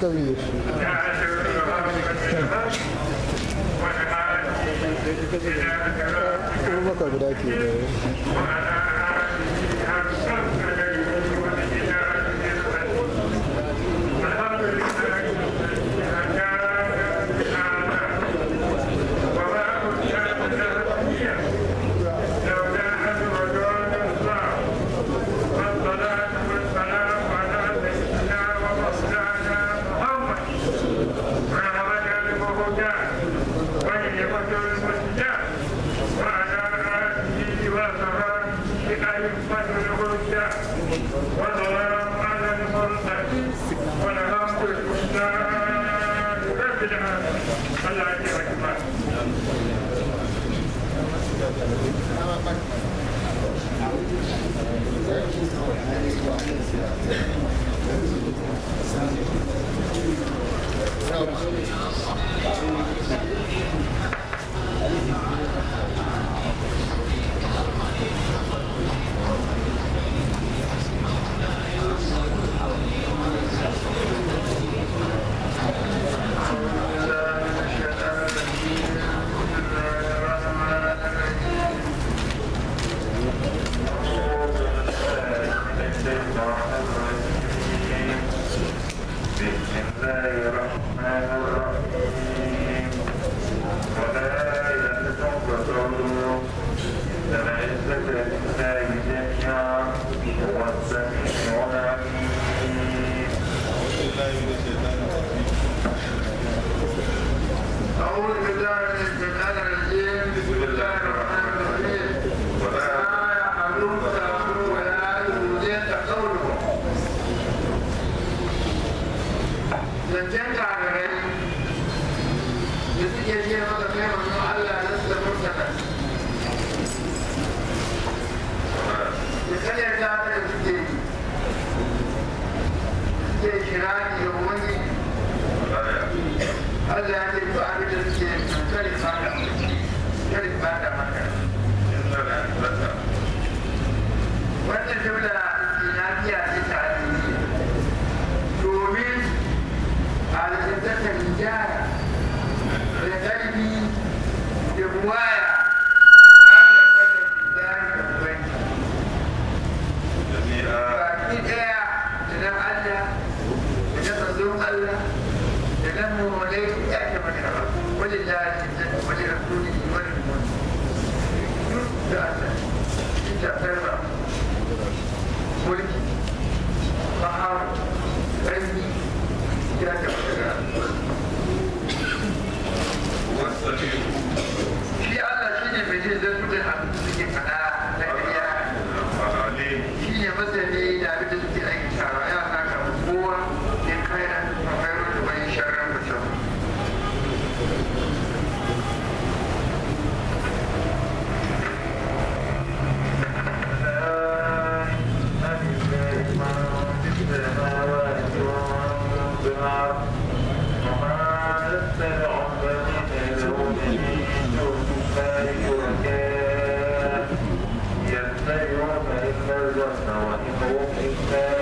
escutam isso. Uma coisa né? الله وهي وجه المسجد وعلى آله وصحبه أئمة الهدى والغرام على الخلق والحمد لله رب العالمين الله أكبر Thank you. Thank you. العزة لله جميعا هو الذي يعني تعرف يتبعون إلا الجنة وإن هم إلا